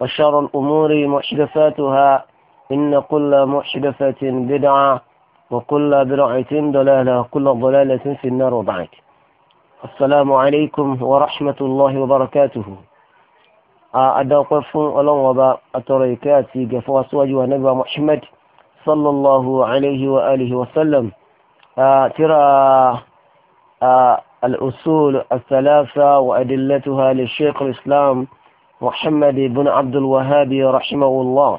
وشر الأمور محدثاتها إن كل محدثة بدعة وكل بدعة ضلالة وكل ضلالة في النار وبعد السلام عليكم ورحمة الله وبركاته أدوقف الله وبا أتريكاتي قفوا سواجه نبي محمد صلى الله عليه وآله وسلم ترى الأصول الثلاثة وأدلتها للشيخ الإسلام محمد بن عبد الوهاب رحمه الله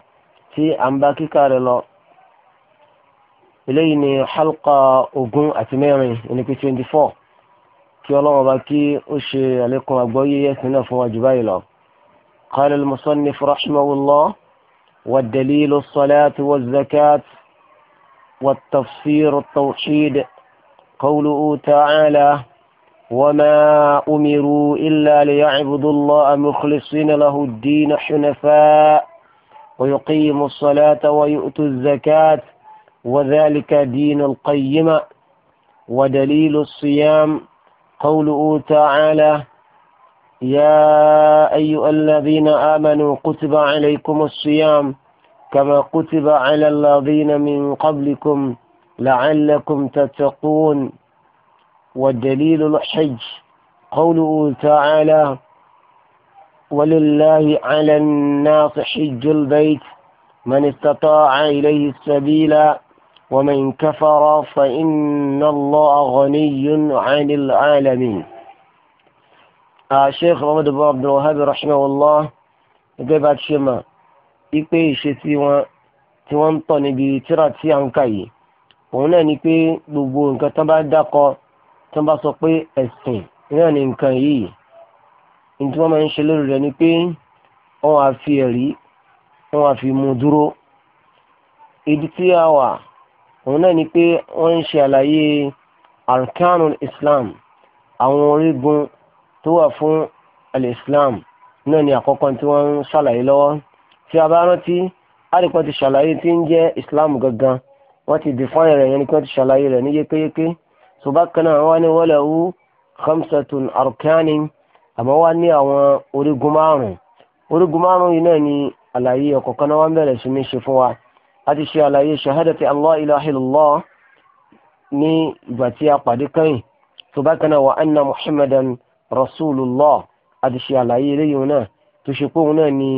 في أنباك كارلا إلينا حلقة أجن أتمامي إنك 24 كي الله باكي أشي عليكم أبوي يسنا فواجبايلا قال المصنف رحمه الله والدليل الصلاة والزكاة والتفسير التوحيد قوله تعالى وما أمروا إلا ليعبدوا الله مخلصين له الدين حنفاء ويقيموا الصلاة ويؤتوا الزكاة وذلك دين القيمة ودليل الصيام قوله تعالى يا أيها الذين آمنوا كتب عليكم الصيام كما كتب على الذين من قبلكم لعلكم تتقون والدليل الحج قوله تعالى ولله على الناس حج البيت من استطاع إليه السبيل ومن كفر فإن الله غني عن العالمين الشيخ محمد بن عبد الوهاب رحمه الله gẹ́gẹ́ شما mọ̀ wípé ìṣesí wọn tí wọ́n ń tọ̀ níbi tíra tí à ń kà yìí òun náà ni pé gbogbo nǹkan tán bá dákọ̀ọ́ tí wọ́n bá sọ pé ẹ̀sìn náà ní nǹkan yìí ní tí wọ́n máa ń ṣe lórí rẹ̀ ni pé wọ́n á fi ẹ̀rí wọ́n á fi mú dúró ìdí tí a wà òun náà ni pé wọ́n ń ṣe àlàyé arkanul islam àwọn orígun tó wà fún al-islam náà ni àkọ́kọ́ tí wọ́n ń ṣàlàyé lọ́wọ́ tí a bá rántí àdìpọ̀ ti ṣàlàyé tí ń jẹ́ islam gangan wọ́n ti define rẹ̀ yẹn ni pé wọ́n ti ṣàlàyé rẹ̀ ní yékéyéké subakana àwọn ni wọ́n lẹ́wọ́ khamsatun arkani àmọ́ wá ní àwọn orígun márùn-ún orígun márùn-ún yìí náà ni àlàyé ọ̀kọ̀ọ̀kan náà wọ́n bẹ̀rẹ̀ sí ní ṣe fún wa láti ṣe àlàyé shahadati allah ilaha illallah ní ìgbà tí a pàdé kẹ́yìn subakana wa anna muhammadan rasulullah àti ṣe àlàyé eléyìí náà tó ṣe pé òun náà ni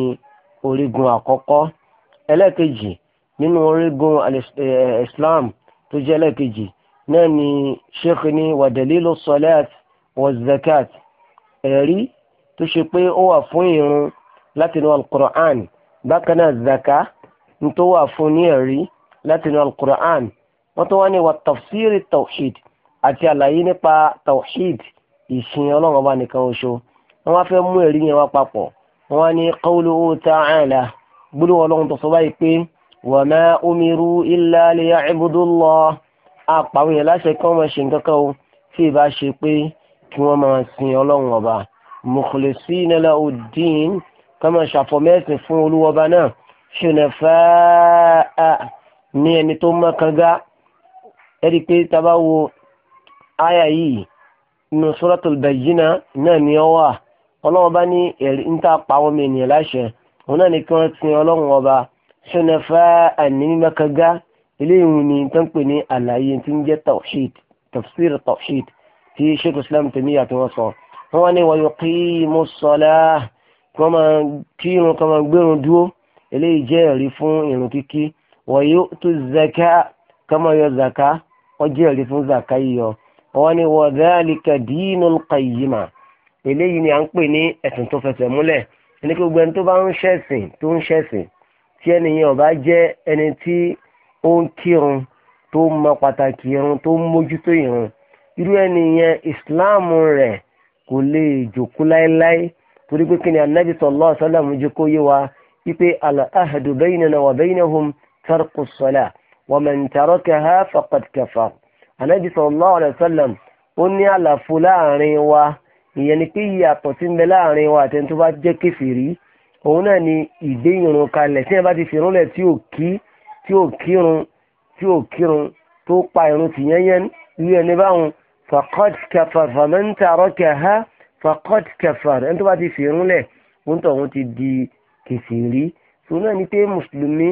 orígun àkọ́kọ́ ẹlẹ́ẹ̀kejì nínú orígun eh, islam tó jẹ́ ẹlẹ́ẹ̀kejì náà ni sheikh ni wàdàlílò salat wa zakat ẹ̀rí tó ṣe pé ó wà fún ìrun látinú alukur'an bákan náà zaka tó wà fún ní ẹ̀rí látinú alukur'an wọ́n tó wá ní wa tafsiri tawhid àti àlàyé nípa tawhid ìsìn ọlọ́run ọba nìkan oṣù wọ́n wá fẹ́ mú ẹ̀rí yẹn wá papọ̀ wọ́n wá ní qawluhu ta'ala gbólóhùn ọlọ́run tó sọ báyìí pé wa ma umiru illa liya'budu Allah apàwọn yẹn láṣẹ kí wọ́n máa ṣe nǹkan kan o tí ìbá ṣe pé kí wọ́n máa sin ọlọ́run ọba mukhlisina lahu ddin ká máa ṣàfọ̀mẹ́sìn fún olúwọba náà ṣùnẹ̀fẹ́à ní ẹni tó mọ́ kanga ẹ̀rí pé tábà wo àyà yìí nínú suratul bayyina náà ni ọ wà ọlọ́run bá ní ẹ̀rí ń tà pa ènìyàn láṣẹ òun náà ni kí wọ́n sin ọlọ́run ọba ṣùnẹ̀fẹ́à ní mímọ́ kanga eléyìí ni tó ń pè ní àlàyé tí ń jẹ́ tawhid tafsir tawhid tí sheikh islam tèmíyà tí wọ́n sọ wọ́n wá ní wa yuqimu ssalah kí irun kan máa gbérun dúró eléyìí jẹ́ ẹ̀rí fún irun kíkí wa yu'tu zaka kí wọ́n máa yọ zaka wọ́n jẹ́ ẹ̀rí fún zaka yíyọ wọ́n wá ní wa dhalika dinul qayyima eléyìí ni à ń pè ní ẹ̀sìn tó fẹsẹ̀ múlẹ̀ ẹni pé gbogbo ẹni tó bá ń ṣẹ̀sìn tó ń ṣẹ̀sìn tí ẹnìyàn ọba jẹ́ ẹni tí ó ń kírun tó mọ pàtàkì irun tó ń mójútó irun irú ẹni yẹn islam rẹ̀ kò lè jòkó láéláé torí pé kíni anabi sallallahu alaihi wasallam jẹ́ kó yé wa wípé al-ahdu baynana wa baynahum tarku s-salah wa man tarakaha faqad kafar anabi sallallahu alaihi wasallam ó ní àlàfo láàrin wa ìyẹn ni pé ìyàtọ̀ tí ń bẹ láàrin wa àtẹni tó bá jẹ́ kèfèrí òun náà ni ìdé ìrun kalẹ̀ tí ẹ bá ti fi irun lẹ̀ tí ò kí tí ò kírun tí ò kírun tó pa irun tì yẹnyẹn ní ẹni báwọn faqad kafar faman tarakaha faqad kafar ẹni tó bá ti fi irun lẹ̀ wọ́n tó wọ́n ti di kèfèrí tó náà ní pé mùsùlùmí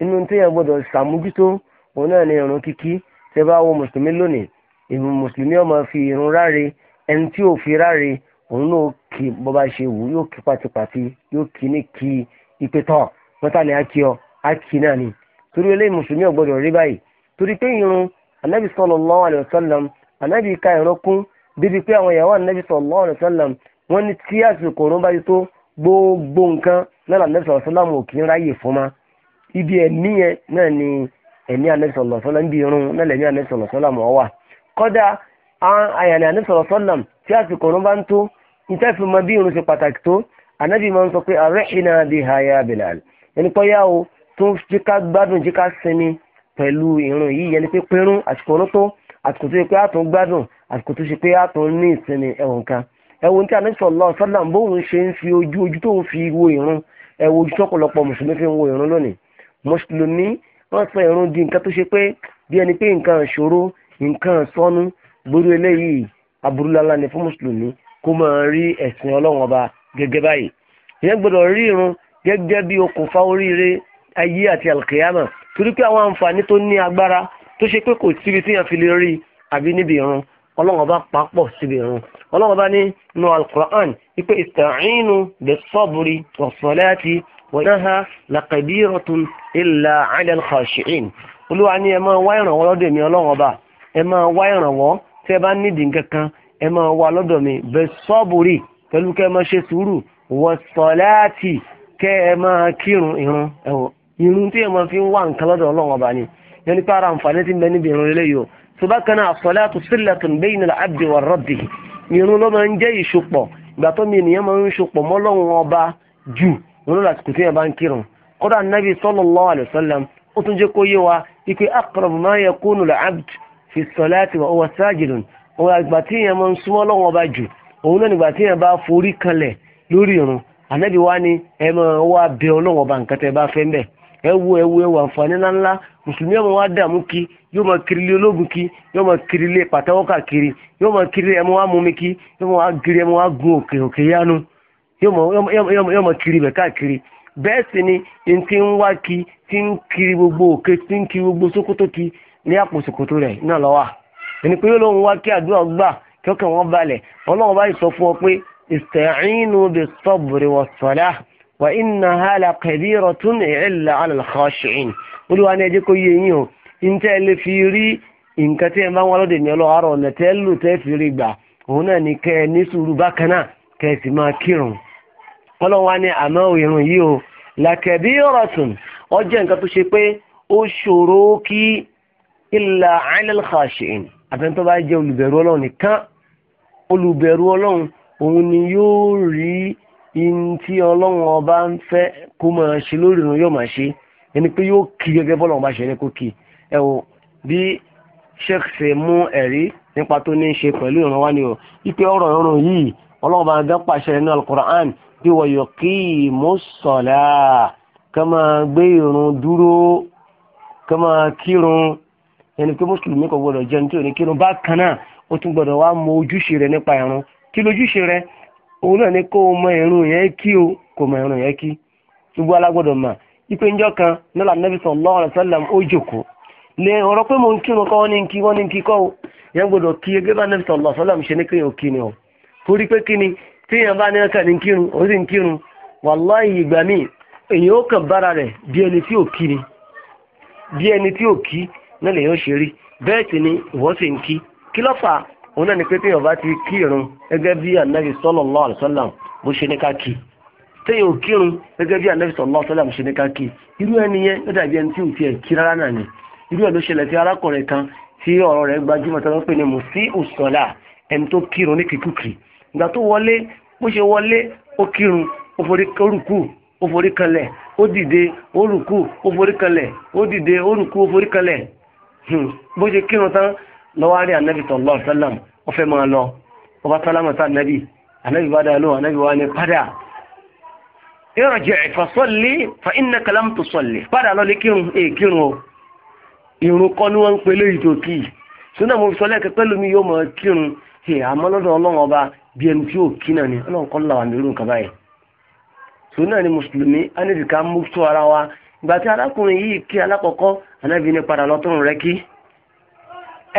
inú tó yẹ gbọ́dọ̀ sàmójútó òun náà ní irun kíkí tẹ́ bá wo mùsùlùmí lónìí ìrùn mùsùlùmí ọmọ fi irun ráre ẹni tí ò fi ráre òun náà kì bó bá ṣe wù yóò kí pátípátí yóò kí ní kí ipe tán mọ́tàlẹ́ á náà ni torí eléyìí mùsùlùmí ò gbọdọ̀ rí báyìí torí pé irun anabi sallallahu alayhi wa sallam anabi ka irun kún bíbi pé àwọn ìyàwó anabi sallallahu alayhi wa sallam wọ́n ní tí àsìkò òrùn bá ti tó gbogbo nǹkan náà anabi sallallahu alayhi wa sallam ò kí ń ráyè fún ma ibi ẹ̀mí yẹn náà ni ẹ̀mí anabi sallallahu alayhi wa sallam bí irun náà lẹ̀mí anabi sallallahu alayhi wa sallam ọ̀ wà kọ́dà àyànní anabi sallallahu alayhi wa sallam tí àsìkò òrùn bá ń tó níta fi mọ bí irun ṣe pàtàkì tó anabi máa ń sọ pé tó jí ká gbádùn jí ká sinmi pẹ̀lú ìrun yìí yẹn ni pé pẹ́rún àsìkò ọ̀run tó àsìkò tó ṣe pé àtún gbádùn àsìkò tó ṣe pé àtún ní ìsinmi ẹ̀wọ̀n kan ẹ̀wọ̀n tí Ànábì sallallahu alaihi wasallam bóun ṣe ń fi ojú ojú tó ń fi wo ìrun ẹ̀wọ̀n ojú tọ́pọ̀lọpọ̀ mùsùlùmí fi ń wo ìrun lónìí mùsùlùmí wọ́n sọ ìrun di nǹkan tó ṣe pé bí ẹni pé nǹkan ìṣòro nǹkan sọnù gbórí eléyìí aburúlálá ni fún mùsùlùmí kó máa rí ẹ̀sìn ọlọ́run ọba gẹ́gẹ́ báyìí ìyẹn gbọ́dọ̀ rí ìrun gẹ́gẹ́ bí okùnfà oríire ayé àti alkiyama torí pé àwọn àǹfààní tó ní agbára tó ṣe pé kò síbi tí yàn fi lè rí àbí níbi ìrun ọlọ́run ọba papọ̀ síbi ìrun ọlọ́run ọba ní nu alquran wípé ista'inu bis-sabri was-salati wa innaha lakabiratun illa 'ala al-khashi'in olúwa ní ẹ máa wá ìrànwọ́ lọ́dọ̀ mi ọlọ́run ọba ẹ máa wá ìrànwọ́ tí ẹ bá nídìí nǹkan kan ẹ máa wá lọ́dọ̀ mi bis-sabri pẹ̀lú kẹ́ ẹ máa ṣe sùúrù was-salati kẹ́ ẹ máa kírun ìrun ẹ̀wọ̀n irun tí èèmọ̀ fi ń wá nǹkan lọ́dọ̀ ọlọ́run ọba ni yẹn ní pàrọ̀ àǹfààní ti ń bẹ níbi irun eléyìí o tó bá kan náà as-salatu sillatun bayna al-abdi wa rabbi irun ló máa ń jẹ́ ìṣopọ̀ ìgbà tó mi ènìyàn máa ń ṣopọ̀ mọ́ ọlọ́run ọba jù wọn ló lásìkò tí yẹn bá ń kírun kódà nabi sallallahu alayhi wa sallam ó tún jẹ́ kó yé wa ipe aqrab ma yakunu al-abd ẹwu ẹwu ẹwu àǹfààní ńláńlá mùsùlùmí ọmọ wa dààmú kí yóò máa kiri ilé ológun kí yóò máa kiri ilé pàtẹ́wọ́ káàkiri yóò máa kiri ẹmọ wa mumi kí yóò máa kiri ẹmọ wa gun òkè òkè yánu yóò máa kiri ibẹ̀ káàkiri bẹ́ẹ̀ sì ni n ti ń wá kí ti ń kiri gbogbo òkè ti ń kiri gbogbo sókótó kí ní àpò sòkòtò rẹ̀ náà lọ́wọ́ ẹni pé yóò lóun wá kí àdúrà gbà kí ọkàn wọn balẹ̀ ọlọ́run bá yìí sọ fún ọ pé ìsẹ̀yìn nù bí sọ́ọ̀bù rẹ̀ wọ̀ wà iná hàlà kẹbíọ̀rọ̀ tún ìlà alàlùkọ́ṣìn olúwa ní ẹjẹ́ kó yé yín o ntẹ́ lè fi rí nǹkan tí ẹ máa ń wá lóde ní ọlọ́ọ̀rọ̀ ọ̀nà tẹ́ lò tẹ́ fi rí gbà òun náà ní kẹ́ ẹ ní sùúrù bákan náà kẹ́ ẹ sì máa kírun ọlọ́run wa ní àmọ́ ìrun yìí o làkẹbíọ̀rọ̀ tún ó jẹ́ nǹkan tó ṣe pé ó ṣòro kí ìlà alàlùkọ́ṣìn àfẹ́ntọ́ bá jẹ́ olùbẹ̀rù ọlọ́run nìkan olùbẹ̀rù ọlọ́run òun ni yóò rí ntí ọlọ́run ọba ń fẹ́ kó máa ṣe lórí irun yóò máa ṣe ẹni pé yóò kí gẹ́gẹ́ bọ́lọ́run bá ṣe ní kó kí ẹ wò bí sheikh ṣe mú ẹ̀rí nípa tó ní í ṣe pẹ̀lú ìran wa ni o ipe ọ̀rọ̀ ìrun yìí ọlọ́run bá gán pàṣẹ nínú alukur'an bí wọ́n yọ kí mọ́sọ̀lá ká máa gbé irun dúró ká máa kírun ẹni pé mùsùlùmí kò gbọdọ̀ jẹun tí ò ní kírun bákan náà ó tún gbọdọ̀ wá mọ ojúṣe rẹ nípa ìrun kí lójúṣe rẹ òun náà ni kó o mọ irun yẹn kí o kò mọ irun yẹn kí gbogbo alágbọ́dọ̀ mà ipe njọ́ kan nílà nàbì sallallahu alaihi wasallam ó jòkó lè pé ń kírun o yẹn kí bá ṣe ní ni o torí pé kí ni téèyàn bá ní ọkàn ní kírun ó sì ń kírun ìgbà míì ó kàn bára bí ẹni tí ò kí ni bí ẹni tí ò kí náà lè ṣe rí bẹ́ẹ̀ sì ni òun náà ni pé téèyàn bá ti kírun gẹ́gẹ́ bí anabi sallallahu alaihi wasallam bó ṣe ní ká kí téèyàn ò kírun gẹ́gẹ́ bí anabi sallallahu alaihi wasallam bó ṣe ní ká kí irú ẹni yẹn ó dàbí ẹni tí ò tiẹ̀ kí rárá náà ni irú ẹ̀ ló ṣẹlẹ̀ tí arákùnrin kan tí ọ̀rọ̀ rẹ̀ gbajúmọ̀ tó ń pè ní mùsí ùsọ̀là ẹni tó kírun ní kíkúkì ìgbà tó wọlé bó ṣe wọlé ó kírun ó forí kanlẹ̀ ó dìde ó rùkù ó forí kanlẹ̀ ó dìde ó rùkù ó forí kanlẹ̀ hmm. bó ṣe kírun tán lọ́wọ́ rí ànábì sallallahu alaihi wasallam ó fẹ́ máa lọ ó bá sálámà sí ànábì ànábì bá dáa lóhùn ànábì wá ní padà irji' fa salli fa innaka lam tusalli padà lọ lé kírun èè kírun o ìrun kọ́ ni wọ́n ń pe léyìí tó kì í sódà mo sọ lẹ́ẹ̀kẹ́ pẹ́lú mi yóò máa kírun ẹ àmọ́ lọ́dọ̀ ọlọ́run ọba bí ẹni tí yóò kí náà ni ọlọ́run kọ́ làwọn àmì kaba yẹn sódà ni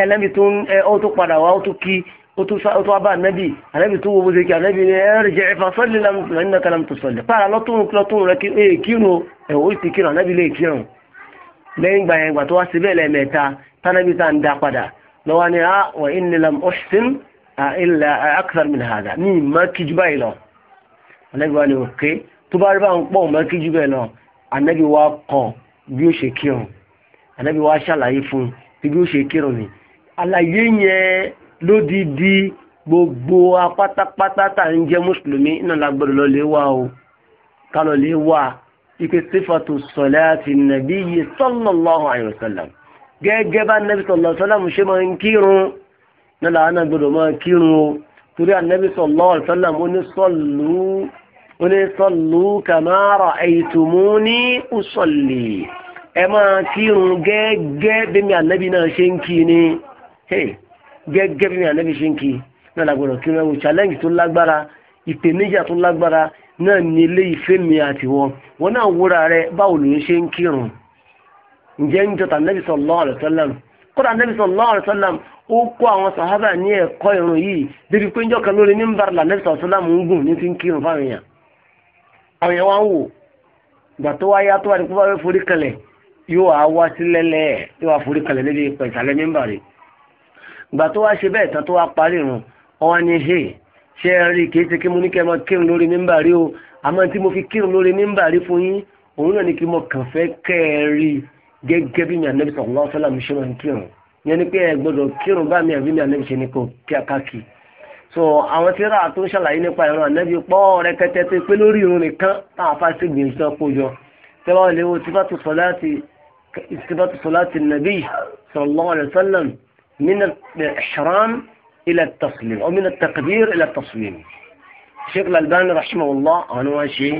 ẹlẹ́bi tó ń ẹ ó tó padà wá ó tó kí ó tó sá ó tó abá ànábì ànábì tó wo bó ṣe kí ànábì ní ẹ̀rì jẹ́ ẹ̀fà sọ́ọ̀lì lánàá nínú kalam tó sọ̀lẹ̀ pààrà lọ́tún lọ́tún rẹ kí ẹ kírun ẹ ó ti kírun ànábì lè kírun lẹ́yìn gbà yẹn gbà tó wá sí bẹ́ẹ̀ lẹ́ẹ̀mẹ́ta tánábì tá à ń da padà lọ́wọ́ ni a wà inni lam ọ̀ṣin ilẹ̀ akthar min hada ní ìmọ̀ báyìí lọ ànábì wà ní òkè tó bá rí bá ń pọ̀ àlàyé yẹn lódìdí gbogbo apátápátá tà ń jẹ́ mùsùlùmí iná lágbọ́dọ̀ lọ lè wà o ká lọ lè wà ike sífàtù sọ̀láàtì nàbí yìí sallallahu alaihi wasallam gẹ́gẹ́ bá nàbí sallallahu alaihi wasallam ṣe máa ń kírun náà làwọn náà gbọ́dọ̀ máa kírun o torí ànàbí sallallahu alaihi wasallam ó ní sọ́lù ó ní sọ́lù kama ẹ máa kírun gẹ́gẹ́ bí mi ànàbí náà ṣe ń kí ni gẹ́gẹ́ bí anabi ṣe ń kí náà lágbọ́dọ̀ kí wọ́n wo challenge tó lágbára ìpèníjà tó lágbára náà ní ilé ìfẹ́ mi àti wọn wọn náà wúra rẹ báwo ló ń ṣe ń kírun ǹjẹ́ ń jọta anabi sallallahu alaihi wasallam kódà anabi sallallahu alaihi wasallam ó kó àwọn sàhábà ní ẹ̀kọ́ ìrun yìí débi pé njọ́ kan lórí mímbàrà lànàbì sallallahu alaihi wasallam ń gùn ní ti ń kírun fáwọn èèyàn àwọn èèyàn wá ń wò gbà tó wáyá tó wà ní kó bá fẹ́ ìgbà tó wá ṣe bẹ́ẹ̀ tán tó wá parí ìrun ọwọ́ ni ṣe ṣe rí kìí ṣe kí mo ní kẹ́ mọ kírun lórí mímbà rí o àmọ́ tí mo fi kírun lórí mímbà rí fún yín òun náà ni kí mo kàn fẹ́ kẹ́ ẹ rí gẹ́gẹ́ bí mi ànábì sallallahu alaihi wasallam ṣe máa ń kírun yẹn ni pé ẹ gbọ́dọ̀ kírun bá mi àbí mi ànábì ṣe ni kò kí a káàkiri so àwọn tí ra tó ṣàlàyé nípa ìran ànábì pọ̀ rẹkẹtẹ tó pé lórí ìrun nìkan táwọn afá sì gbìyànjú náà kó jọ tẹ́wọ́ lè wo tìfàtù sọ̀láàtì nàbí sallallahu alaihi wasallam من الإحرام إلى التسليم أو من التقدير إلى التسليم sheikh lalbani rahimahullah àwọn wọn ṣe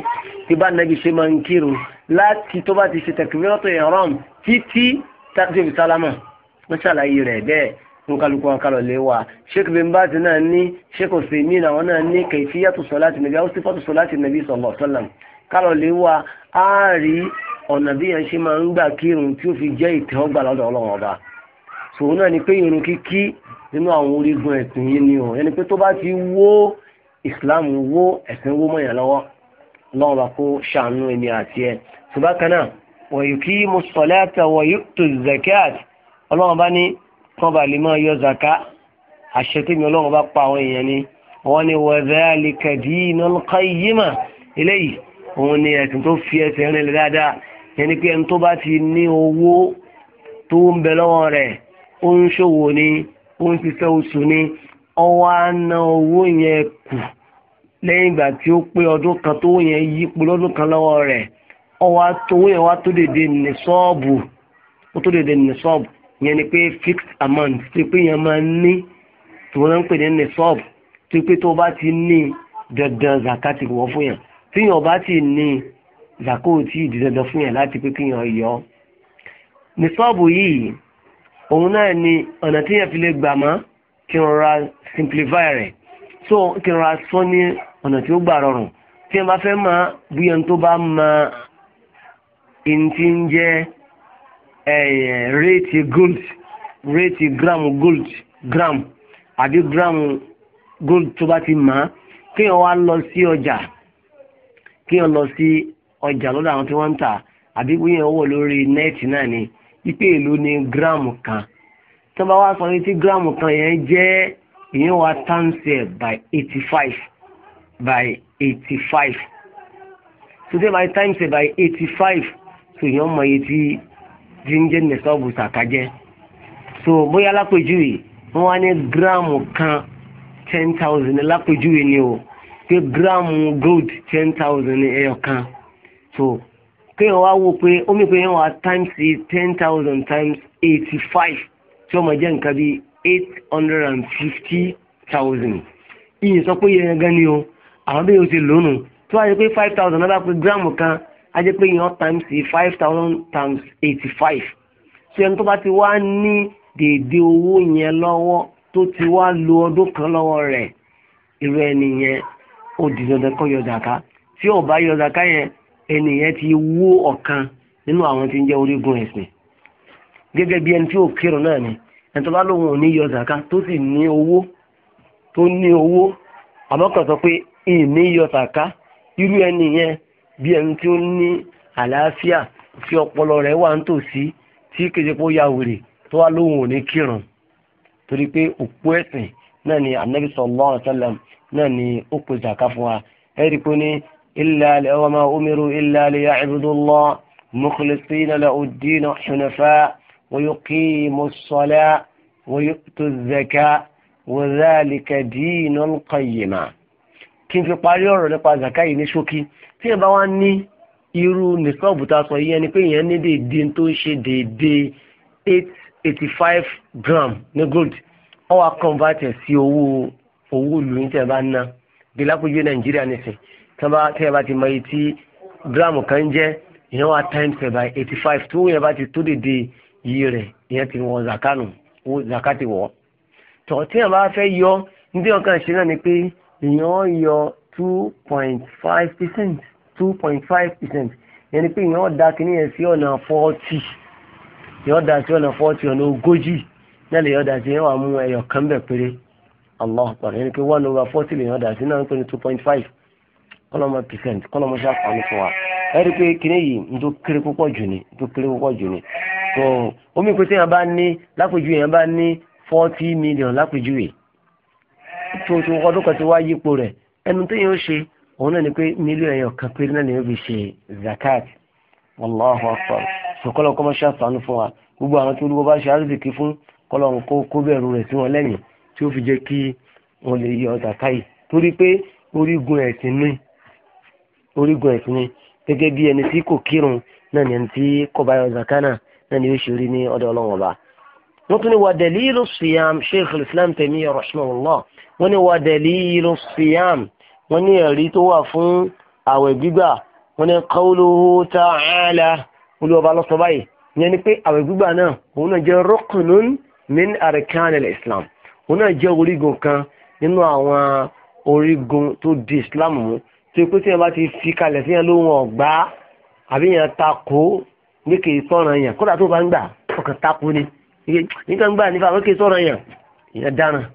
tí bá nàbí ṣe máa ń kírun láti tó bá ti ṣe takbiratu ihram títí tàbí fi sálámà wọn ṣàlàyé rẹ̀ bẹ́ẹ̀ nkálukú wọn kálọ lé wa sheikh bin baz náà ní sheikh osemin àwọn náà ní kayfiyatu salati nàbí àwọn sífàtù salati nàbí sallallahu alaihi wasallam kálọ lé wa á rí ọ̀nà bí yẹn ṣe máa ń gbà kírun tí ó fi jẹ́ ìtẹ́wọ́gbà lọ́dọ̀ ọlọ́wọ́n ọba sòun náà ni pé irun kíkí nínú àwọn orígun ẹ̀sìn yìí ni o ẹni pé tó bá ti wó islam wó ẹ̀sìn wó mọ̀yàn lọ́wọ́ lọ́wọ́ bá kó ṣàánú ẹni àti ẹ̀ ṣùgbọ́n kan náà wọ̀nyí kí mo sọ̀lẹ́ yóò tó zakat ọlọ́wọ́n bá ní kán bá lè máa yọ zaka àṣẹ tí mi bá pa àwọn èèyàn ni wọ́n ní wadhalika dinul qayyima eléyìí òun ni ẹ̀sìn tó fi ẹsẹ̀ rìn lè dáadáa pé ẹni tó bá ti ní owó tó ń bẹ lọ́wọ́ rẹ̀ ó ń ṣòwò ni ó ń ṣiṣẹ́ oṣù ni ọwọ́ á ná owó yẹn kù lẹ́yìn ìgbà tí ó pé ọdún kan tó yẹn yípo lọ́dún kan lọ́wọ́ rẹ̀ ọwọ́ owó yẹn wá tó dèdè ní sọ́ọ̀bù ó tó dèdè ní sọ́ọ̀bù yẹn ni pé fixed amount ti pé yẹn máa ní tòun náà ń pè ní ní sọ́ọ̀bù ti pé tó bá ti ní dandan zakati wọ́ fún yẹn tí yẹn ọba ti ní zakati ìdí dandan fún yẹn láti pé kí yẹn yọ ní sọ́ọ̀bù yìí òun náà ni ọ̀nà tí yẹn fi lè gbà mọ́ kí n ra simplify rẹ̀ so kí n ra sọ ní ọ̀nà tí ó gbà rọrùn tí yẹn bá fẹ́ mọ bí yẹn tó bá mọ ẹni tí ń jẹ́ réètì gold réètì gram gold gram àbí gram gold tó bá ti mọ̀ kí yẹn wá lọ sí ọjà kí yẹn lọ sí ọjà lọ́dọ̀ àwọn tí wọ́n ń tà àbí bí yẹn wọ̀ lórí nẹ́ẹ̀tì náà ni ipe èlò ni gíráàmù kan tó bá wá sọ ní tí gíráàmù kan yẹn jẹ́ ìyẹn wá tánsẹ̀ by eighty five by eighty five so tí by times by eighty five so ìyẹn mọ iye tí jíjẹ́ nẹ̀sọ́ọ̀bù sàkájẹ́ so bóyá lápèjúwe wọ́n wá ní gíráàmù kan ten thousand lápèjúwe ni o pé gíráàmù gold ten thousand ẹyọ kan so kéèyàn wá wò pé ó mi pé yẹn wà times ten thousand times eighty five tí ó máa jẹ́ nǹkan bíi eight hundred and fifty thousand iye sọ pé yẹn gan ni o àwọn bí o ti lónù tí wàá jẹ́ pé five thousand náà bá pé gíráàmù kan á jẹ́ pé yẹn times five thousand times eighty five tí ẹni tó bá ti wá ní dèédé owó yẹn lọ́wọ́ tó ti wá lo ọdún kan lọ́wọ́ rẹ̀ irú ẹni yẹn ó di dandan kó yọ zàká tí ò bá yọ zàká yẹn ẹnìyẹn ti wó ọ̀kan nínú àwọn tí ń jẹ́ orígun ẹ̀sìn gẹ́gẹ́ bí ẹni tí ó kírun náà ni ẹni tó bá lóun ò ní yọ zaka tó sì ní owó tó ní owó àmọ́kàn sọ pé ìní yọ zaka irú ẹni yẹn bí ẹni tí ó ní àlàáfíà tí ọpọlọ rẹ̀ wà nítòsí tí kejì pé ó ya wèrè tó wá lóun ò ní kírun torí pé òpó ẹ̀sìn náà ni anabi sallallahu alaihi wasallam náà ni ó pe zaka fún wa ẹ̀rí pé ní إلا وما أمروا إلا ليعبدوا الله مخلصين له الدين حنفاء ويقيموا الصلاة ويؤتوا الزكاة وذلك دين قيما kí n fi parí ọ̀rọ̀ nípa zakai ní ṣókí tí ẹ bá wá ní irú nìkọ́ọ̀bù tá a sọ yìí ẹni pé èèyàn ní déédéé tó ń ṣe déédéé eight eighty five gram ní gold wọ́n wá convert ẹ̀ sí owó owó ìlú ní tẹ̀ bá ná bí lápòjú nàìjíríà nìsín tí ẹ bá ti mọ iye tí gíráàmù kan jẹ́ ìyẹn wà times by eighty five tó yẹn bá ti tó dèdè yìí rẹ̀ ìyẹn ti wọ zakanu wọ zakati wọ̀ tọ̀ tí yẹn bá fẹ́ yọ ní tí ọkàn ṣe náà ni pé ìyẹn yọ two point five percent two point five percent yẹn ni pé ìyẹn da kìíní yẹn sí ọ̀nà forty ìyẹn da sí ọ̀nà forty ọ̀nà ogójì náà lè yọ da sí yẹn wà mú ẹyọ kan bẹ̀ péré allah akbar yẹn ni pé one over forty lè yọ da sí náà ń pè ní two point five kọ́lọ́mọ pìsẹ́ǹtì kọ́lọ́mọ ṣàfàánú fún wa ẹ̀rí pé kíní yìí ń tó kéré púpọ̀ jù ni ń tó kéré púpọ̀ jù ni tó omi pété yẹn bá ní lápèjúwe yẹn bá ní forty million lápèjúwe tó tó ọdún kan ti wá yípo rẹ̀ ẹnu tó yẹn ó ṣe òun náà ni pé mílíọ̀nù yẹn kan péré náà ni yóò fi ṣe zakat wallahu akbar sọkọlọ kọ́mọ ṣàfàánú fún wa gbogbo àwọn tó olúwo bá ṣe àrísìkí fún kọ́lọ́n kó kó bẹ̀rù rẹ̀ sí wọn lẹ́yìn orígun ẹ̀sìn ní orígun ẹ̀sìn ni gẹ́gẹ́ bí ẹni tí kò kírun náà ni ẹni tí kò bá yọ zakana náà ni yóò ṣe rí ní ọ̀dọ̀ Ọlọ́run ọba. wọ́n tún ní wa dalilu siyam sheikh islam Taymiyya rahimahullah wọ́n ní wa dalilu siyam wọ́n ní ẹ̀rí tó wà fún àwẹ̀ gbígbà wọ́n ní qawluhu ta'ala olùwọ́ba lọ́sọ báyìí ìyẹn ni pé àwẹ̀ gbígbà náà òun náà jẹ́ rọ́kùnún min arkanil islam òun náà jẹ́ orígun kan nínú àwọn orígun tó di islam mú tí pé tí wọn bá ti fi kalẹ̀ sí yẹn lóhun ọ̀gbá àbí yẹn takò ní kì í sọ̀rọ̀ yẹn kódà tó bá ń gbà ọkàn takò ni nígbà ń gbà nípa àwọn kì í sọ̀rọ̀ yẹn ìyẹn dáná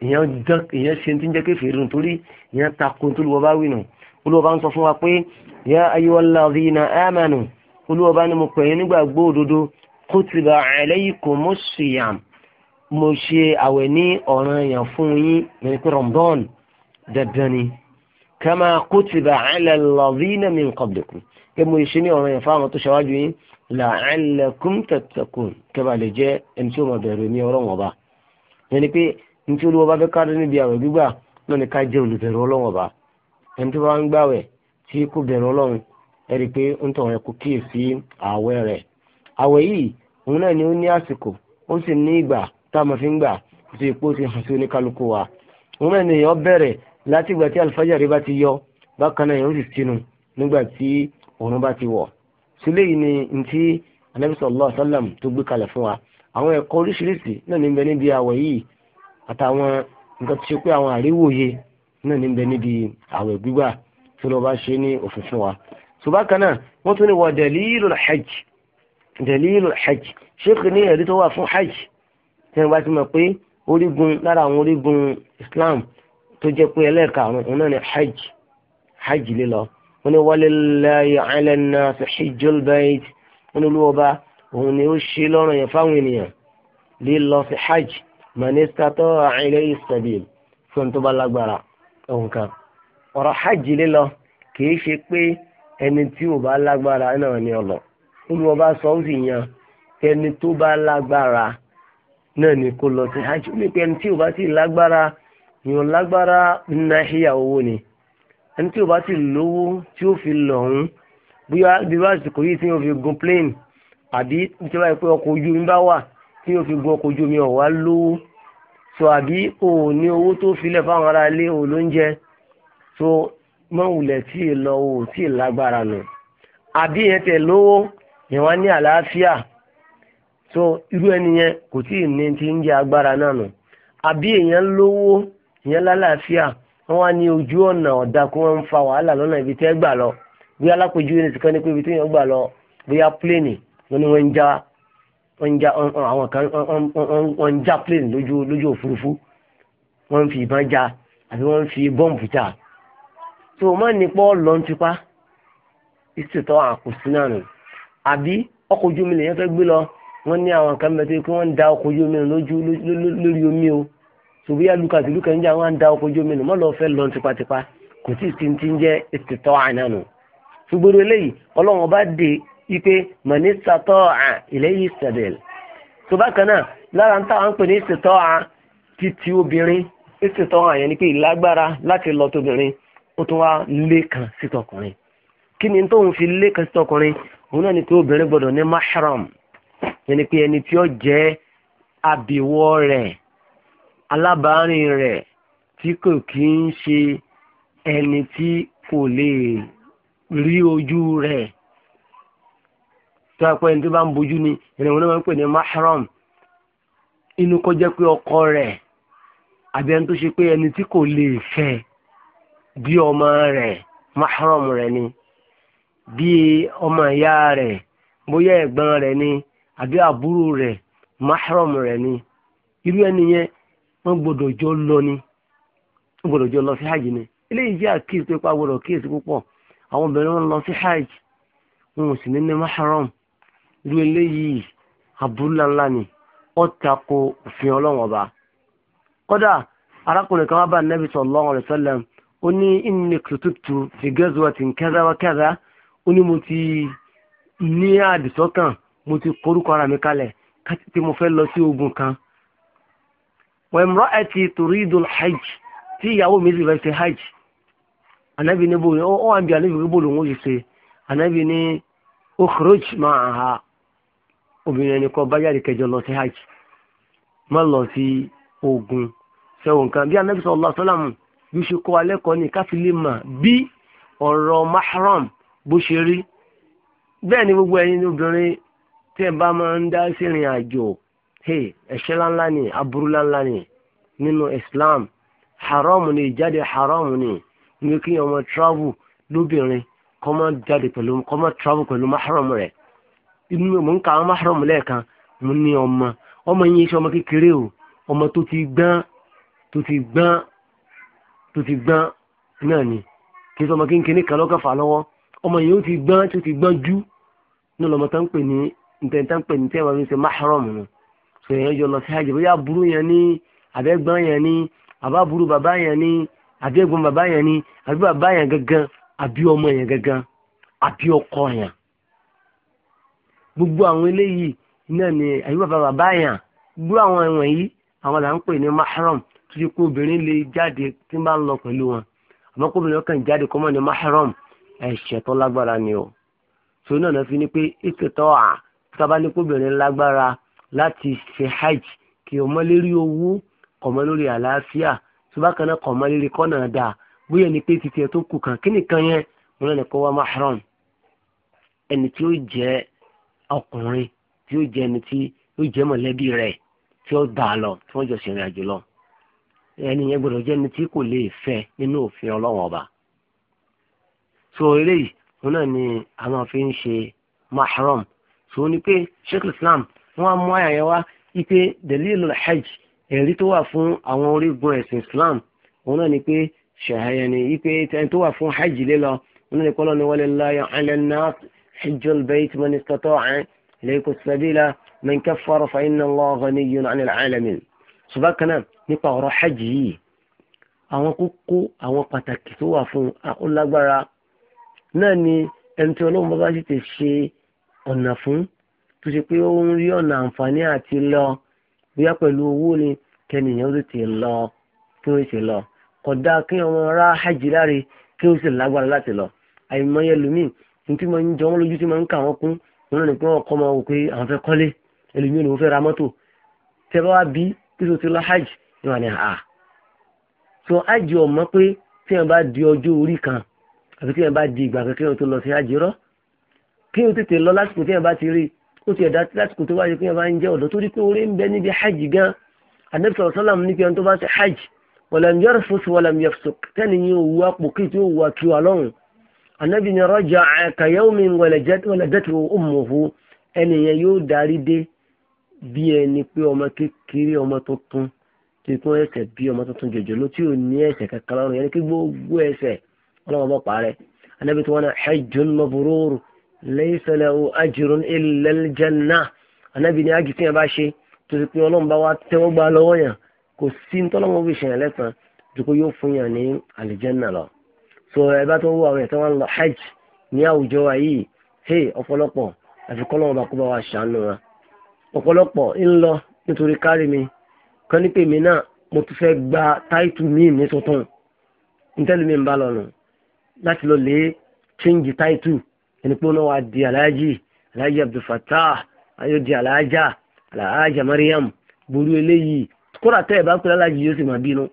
ìyẹn dán ìyẹn ṣe ń jẹ́ kéfèé rùn torí ìyẹn takò nítorí wọn bá wí nù olúwa bá ń sọ fún wa pé ya ayyuhal ladhina amanu olúwa bá ní mo pè é nígbà gbọ́ òdodo kutiba alaykumus siyam mo ṣe àwẹ̀ ní kama kutiba ala alladhina min qablikum kẹmọ ìṣe ní ọ̀rọ̀ yẹn fáwọn tó ṣáwájú yín la'allakum tattaqun kẹba lè jẹ ẹni tí ó máa bẹ̀rù ní ọ̀rọ̀ wọn bá yẹn ni pé ní tí olúwa bá fẹ́ káàdé níbi àwẹ̀ gbígbà náà ni ká jẹ́ olùbẹ̀rù ọlọ́wọ̀n bá ẹni tó bá ń gbàwẹ̀ tí kò bẹ̀rù ọlọ́run ẹ rí i pé ń tọ̀ ẹ kò kíyèsí àwẹ̀ ni ó ní àsìkò fi ń gbà ó ti hàn sí oníkálukú wa òun ni èèyàn bẹ̀rẹ̀ látìgbà tí alifájàre bá ti yọ bákan náà yóò sì tinú nígbà tí òun bá ti wọ̀ sílé yìí ni ntí anabi sallallahu alaihi wasallam tó gbé kalẹ̀ fún wa àwọn ẹ̀kọ́ oríṣiríṣi náà ní bẹ níbi àwẹ̀ yìí àtàwọn nǹkan tó ṣe pé àwọn àríwòye náà ní bẹ níbi àwẹ̀ gbígbà tó lọ bá ṣe ní òfin fún wa tó náà wọ́n tún ní wọ dalilul hajj dalilul hajj sheikh ní ẹ̀rí tó wà fún hajj tí wọ́n bá ti mọ̀ pé orígun lára àwọn orígun islam tó jẹ́ pé ẹlẹ́ẹ̀karùn ún náà ni hajj hajj lílọ wọn ni walillahi ala nnasi hijjul bayt wọn ni olúwọba òun ni ó ṣe lọ́rùn yẹn fáwọn ènìyàn lílọ sí hajj man istata'a ilayhi sabil fún tó bá lágbára ohun kan ọ̀rọ̀ hajj lílọ kìí ṣe pé ẹni tí ò bá lágbára náà ni ọ̀lọ́ olùwọ́ba sọ ó sì yan ẹni tó bá lágbára náà ni kó lọ sí hajj ó ní pé ẹni tí ò bá sì lágbára èèyàn lágbára náhíyà owó ni ẹni tí o bá ti lówó tí ó fi lọ̀hún bóyá bí wàá sìkò yìí tí yóò fi gun plane àbí tí wàá pé ọkọ̀ ojú omi bá wà tí yóò fi gun ọkọ̀ ojú omi ọ̀wá lówó so àbí o ò ní owó tó filẹ̀ fáwọn ará ilé o ló ń jẹ so mọ̀wùlẹ̀ tí ì lọ o tí ì lágbára nù àbí yẹn tẹ̀ lówó yẹn wá ní àlàáfíà so irú ẹni yẹn kò tí ì ní ti ń jẹ agbára náà nù àbí èèyàn lówó ìyẹn lálàáfíà wọn wá ní ojú ọ̀nà ọ̀dà kí wọ́n ń fa wàhálà lọ́nà ibi tẹ́ gbà lọ bí alápèjú yẹn ti kọ́ ni pé ibi tí yẹn gbà lọ bóyá pléènì wọn ni wọ́n ń já wọ́n ń já àwọn kan wọ́n ń já pléènì lójú lójú òfurufú wọ́n ń fi ìbọn já àbí wọ́n ń fi bọ́ǹbù já tó o má ní pọ́ lọ ń tipa ìṣètò àkùsí náà nù àbí ọkọ̀ ojú omi lèyàn fẹ́ gbé lọ wọ́n ní àwọn kan mẹ́tọ́ pé wọ́n ń da ọkọ̀ ojú omi lójú lórí omi o sòbíyà lukas lukas ń jẹ́ àwọn àǹda ọkọ̀ ojú omi nù mọ́ lọ́ọ́ fẹ́ lọ tipatipa kò tí ì ti ń jẹ́ ètò ànánù ṣùgbọ́n eléyìí ọlọ́run ọba dé ipe mọ̀nísà tọ́ à ìlẹ́yìí sẹ̀dẹ̀l tó bá kan náà lára ń tà wọ́n ń pè ní ìsìtọ́ à títí obìnrin ìsìtọ́ à yẹn ni pé ìlágbára láti lọ tóbìnrin ó tún wá lé kan sí tọkùnrin kí ni tóun fi lé kan sí tọkùnrin òun náà ni pé obìnrin gbọ́dọ̀ ní mahram yẹn ni pé ẹni tí ó jẹ́ abìwọ́ rẹ̀ alábàárìn rẹ̀ tí kò kí ń ṣe ẹni tí kò lè rí ojú rẹ̀ tó a ẹni tó bá ń bojú ni ìrìnwó náà máa ń pè ní mahram inú kó jẹ́ pé ọkọ rẹ̀ àbí ẹni tó ṣe pé ẹni tí kò lè fẹ́ bí ọmọ rẹ̀ mahram rẹ̀ ni bí ọmọ ìyá rẹ̀ bóyá ẹ̀gbọ́n rẹ̀ ni àbí àbúrò rẹ̀ mahram rẹ̀ ni irú ẹni yẹn wọ́n gbọ́dọ̀ jọ lọ ni wọ́n gbọ́dọ̀ jọ lọ sí hajj ni eléyìí jẹ́ àkíyèsí pé pa gbọ́dọ̀ kíyèsí púpọ̀ àwọn obìnrin wọn lọ sí hajj wọn ò sì ní ní maharam irú eléyìí abúlá ńlá ni ó tako òfin ọlọ́wọ́n ọba kódà arákùnrin kan wá bá nẹ́bí sallallahu alaihi wasallam ó ní inni kutubtu fi ghazwatin kadha wa kadha ó ní mo ti ní àdìsọ́kàn mo ti korúkọ ara mi kalẹ̀ káti mo fẹ́ lọ sí ogun kan wa imra'ati turidul hajj tí ìyàwó mi sì fẹ́ ṣe hajj anabi ní bò ó wà ń bí anabi kí bò lòun ó yìí ṣe anabi ní ukhruj ma'aha obìnrin ẹni kan bá yàrá ìkẹjọ lọ sí hajj má lọ sí ogun sẹ́wọ̀n nǹkan bí anabi sallallahu alaihi wasallam bí ó ṣe kọ́ alẹ́ kọ́ ni káfílẹ̀ mà bí ọ̀rọ̀ mahram bó ṣe rí bẹ́ẹ̀ ni gbogbo ẹ̀yin obìnrin tí ẹ bá máa ń dá sí ìrìn àjò hey ẹ̀ṣẹ̀ ńláńlá ni aburú ńláńlá ni nínú islam haram ni ìjáde haram ni ní kí ọmọ travel lóbìnrin kọ́ máa jáde pẹ̀lú kọ́ máa travel pẹ̀lú mahram rẹ̀ inú mò ń ka àwọn mahram lẹ́ẹ̀kan mo ní ọmọ ọmọ yẹn ṣe ọmọ kékeré o ọmọ tó ti gbọ́n tó ti gbọ́n tó ti gbọ́n náà ni kí sọmọ kékeré kan lọ́kàn fà lọ́wọ́ ọmọ yẹn ó ti gbọ́n tó ti gbọ́n jù ní ọlọmọ tó pè ní ntẹ̀ntẹ̀ pè ní tẹ́wọ̀n fi ń ṣe mahram nù. sọ yẹn jọ lọ sí hajj bóyá burú yẹn ni àbẹ́gbọ́n yẹn ni àbábúrú bàbá yẹn ni àbẹ́gbọ́n bàbá yẹn ni àbí bàbá yẹn gangan àbí ọmọ yẹn gangan àbí ọkọ yẹn gbogbo àwọn eléyìí náà ni àbí bàbá bàbá yẹn gbogbo àwọn ẹ̀wọ̀n yìí àwọn là ń pè ní tó ti kó obìnrin lè jáde tí bá ń lọ pẹ̀lú wọn jáde ẹ̀ṣẹ̀ tó ni o náà fi pé ètò tó láti ṣe hajj kí ọmọ lérí owó kọ̀mọ́ lórí àlàáfíà tó bá kan náà kọ̀mọ́ lérí kọ́nà dáa bóyá ni pé títí ẹ tó kù kan kí nìkan yẹn wọn lè kó wá mahram ẹni tí ó jẹ́ ọkùnrin tí ó jẹ́ ẹni tí ó jẹ́ mọ̀lẹ́bí rẹ̀ tí ó bá a lọ tí wọ́n jọ ṣèrìn àjò lọ ẹni yẹn gbọ́dọ̀ jẹ́ ẹni tí kò lè fẹ́ nínú òfin ọlọ́wọ́n ọba so eléyìí wọn náà ni a máa fi ń ṣe mahram so ní pé sheikh islam wọ́n mú àyà yẹn wá ipe dalilul hajj ẹ̀rí tó wà fún àwọn orígun ẹ̀sìn islam òun náà ni pé ṣàhàyà ni ipe ẹni tó wà fún hajj lílọ òun náà ni kọ́lọ́ ni walillahi ala nnas hajjul bayt man istata'a ilayhi sabila man kaffara fa inna allaha ghaniyyun 'anil 'alamin ṣùgbọ́n kan nípa ọ̀rọ̀ hajj yìí àwọn kókó àwọn pàtàkì tó wà fún ó náà ni ẹni tí ọlọ́run bá bá ṣe ọ̀nà fún tó ṣe pé ó ń rí ọ̀nà àǹfààní àti lọ bóyá pẹ̀lú owó ni kẹ́nìyàn ó ti lọ kí wọ́n ṣe lọ kódà kí ọmọ ra hajj láre kí wọ́n sì lágbára láti lọ àìmọye ẹlòmíì tí mo ń jọ wọn lójú tí mo ń kà wọn kún wọn lónìí pé wọn kọ́ ọmọ wò pé àwọn fẹ́ kọ́lé ẹlòmíì ni wọ́n fẹ́ ra mọ́tò tẹ́ bá wá bí kí wọ́n ti lọ hajj ni wọ́n ní à so hajj ọmọ pé tí wọ́n bá di ọjọ́ orí kan àbí tí wọ́n bá di ìgbà kan kí wọ́n tó lọ sí hajj rọ́ kí wọ́n tètè lọ lásìkò tí wọ́n bá ti rí ó ti ẹ̀dá lásìkò tó wáyé pé ẹ bá ń jẹ́ ọ̀dọ́ torí pé orí ń bẹ níbi hajj gan anabi sọ̀rọ̀ sálàmù ní pẹ́ẹ́n tó bá ṣe hajj wàlàm yọrọ fúnṣu wàlàm yẹfṣu tẹ́ni yín òwú apò kí tí ó wà tu àlọ́hùn anabi ní rọ́jà kàyẹ́wò mi wàlẹ̀dẹ́tì ọmọhu ẹni yẹn yóò darí dé bí ẹni pé ọmọ kékeré ọmọ tuntun tí kún ẹsẹ̀ bí ọmọ tuntun jòjòló tí ò ní ẹsẹ̀ kankan lọ́rùn yẹn kí gbogbo ẹsẹ̀ ọlọ́mọbọ̀ parẹ́ anabi tí wọ́n náà hajj lọ́bùrọ́rù laysa lahu ajrun illa al-jannah anábì ní ájì tí yẹn bá ṣe tó ti pé ọlọ́run bá wá tẹ́wọ́ gbà lọ́wọ́ yẹn kò sí ní tọ́lọ́mọ bí ṣèyàn lẹ́sàn dùkú yóò fún yàn ní àlìjẹ́nà lọ. so ẹ bá tó wú àwọn ẹ̀tọ́ wọn lọ hajj ní àwùjọ wa yìí hey ọ̀pọ̀lọpọ̀ àfikún ọlọ́run bá kó bá wa ṣàánú wa ọ̀pọ̀lọpọ̀ ń lọ nítorí kárí mi kan ní pé mi náà mo ti fẹ́ gba táìtù mi ní tuntun ní tẹ́lẹ̀ mi ń bá lọ nù láti lọ lè chíǹgì táìtù ẹni pé wọn wá di aláàjì aláàjì abdulfatah ayọ di aláàjà aláàjà mariam burú eléyìí kódà tẹ́ ẹ̀ bá pẹ́ aláàjì yóò sì máa bínú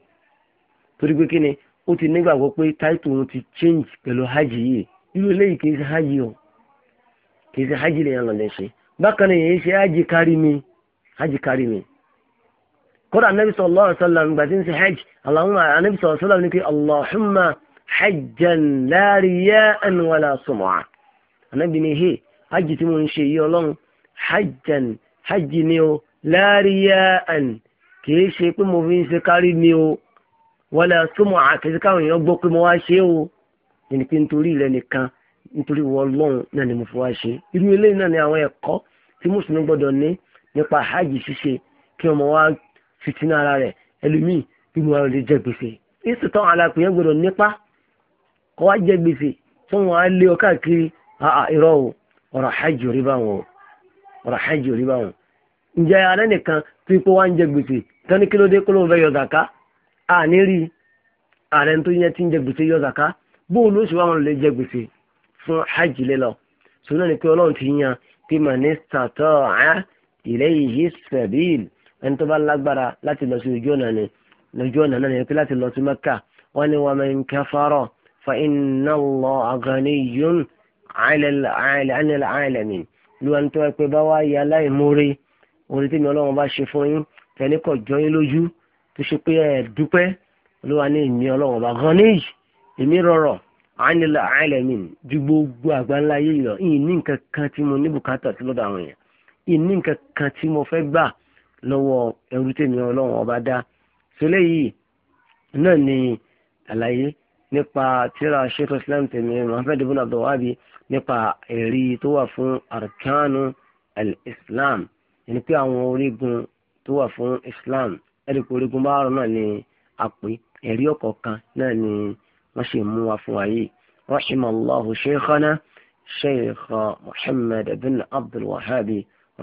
torí pé kí ni ó ti nígbàgbọ́ pé táìtò òun ti change pẹ̀lú hajj yìí irú eléyìí kì í ṣe hajj o kì í ṣe hajj lè yàn lọ́lẹ́ ṣe bákan náà èyí ṣe hajj kárí mi hajj kárí mi kódà anabi sallallahu alaihi wasallam nígbà tí ń ṣe hajj anabi sallallahu alaihi wasallam ní pé Allahumma hajjan la riya'an wala ànábì ní he hajj tí mo ń ṣe yìí ọlọ́run hajjan hajj ni o láríyàn kìí ṣe pé mo fi ń ṣe kárí mi o wala súnmọ́ àkẹ́sí káwọn èèyàn gbọ́ pé mo wá ṣe o ẹni pé nítorí rẹ nìkan nítorí wọ ọlọ́run náà ni mo fi wá ṣe irú eléyìí náà ni àwọn ẹ̀kọ́ tí mùsùlùmí gbọ́dọ̀ ní nípa hajj ṣíṣe kí ọmọ wa fitinà ara rẹ̀ ẹlòmíì bí mo lè jẹ gbèsè ìsìtàn alápèyẹ gbọ́dọ̀ nípa kọ́ wá jẹ gbèsè tí wọ́n á lé ọ káàkiri Ah, ah, irọ́ o ọ̀rọ̀ hajj rí báwọn o ọ̀rọ̀ hajj rí báwọn o ǹjẹ́ alẹ́ nìkan tó ipò wa ń jẹ gbèsè tán ní kílódé kó ló ń fẹ́ yọ zàká àní rí ààrẹ tó yẹ ti ń jẹ gbèsè yọ zàká bóun ló sì wá wọn lè jẹ gbèsè fún hajj lílọ sọ náà ni pé ọlọ́run ti yan pé mànísítà tó ẹ́ ilé yìí sẹ̀bíìl ẹni tó bá lágbára láti lọ sí ojú ọ̀nà ni lójú ọ̀nà náà ni pé láti lọ sí mẹ́kà wọ́n ní wa man kafara fa inna Allaha ghaniyyun àìlẹ̀ àìlẹ̀mí lúwa ní tó wá pé bá wá yẹ aláìmoore orin tí mi ọlọ́run bá ṣe fún yín tẹ̀lé kọ̀ jọ yín lójú tó ṣe pé ẹ̀ dúpẹ́ lúwa ní èmi ọlọ́run bá gan ní yìí èmi rọrọ̀ àìlẹ̀ àìlẹ̀mí ju gbogbo àgbáńlá yìí lọ ìyìn ní nǹkan kan tí mo ní bùkátà tí lọ́dọ̀ àwọn èèyàn ìyìn ní nǹkan kan tí mo fẹ́ gbà lọ́wọ́ ẹrú tèmi ọlọ́run ọba dá sílẹ̀ yìí náà ni àlàyé nípa tíra ṣètò Islam tèmi Muhammad ibn Abdul nípa ẹ̀rí tó wà fún arkanu al-islam ẹni pé àwọn orígun tó wà fún islam ẹ̀rí pé orígun márùn náà ni àpè ẹ̀rí ọ̀kọ̀ọ̀kan náà ni wọ́n ṣe mú wa fún wa yìí rahimallahu sheikhana sheikh muhammad bin abdul wahabi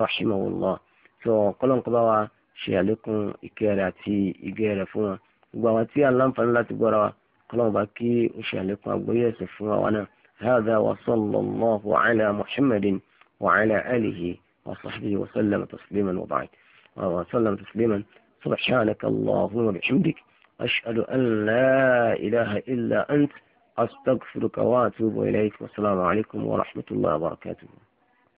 rahimahullah so kọ́lọ́nkọ́lá wa ṣe àlékún ìkẹrẹ àti ìgẹrẹ fún wa gbogbo àwọn tí aláǹfààní láti gbọ́ra wa kọ́lọ́nkọ́lá kí ó ṣe àlékún àgbóyè ẹ̀sìn fún wa wa náà. هذا وصلى الله على محمد وعلى آله وصحبه وسلم تسليما وبعد وسلم تسليما سبحانك اللهم وبحمدك أشهد أن لا إله إلا أنت أستغفرك وأتوب إليك والسلام عليكم ورحمة الله وبركاته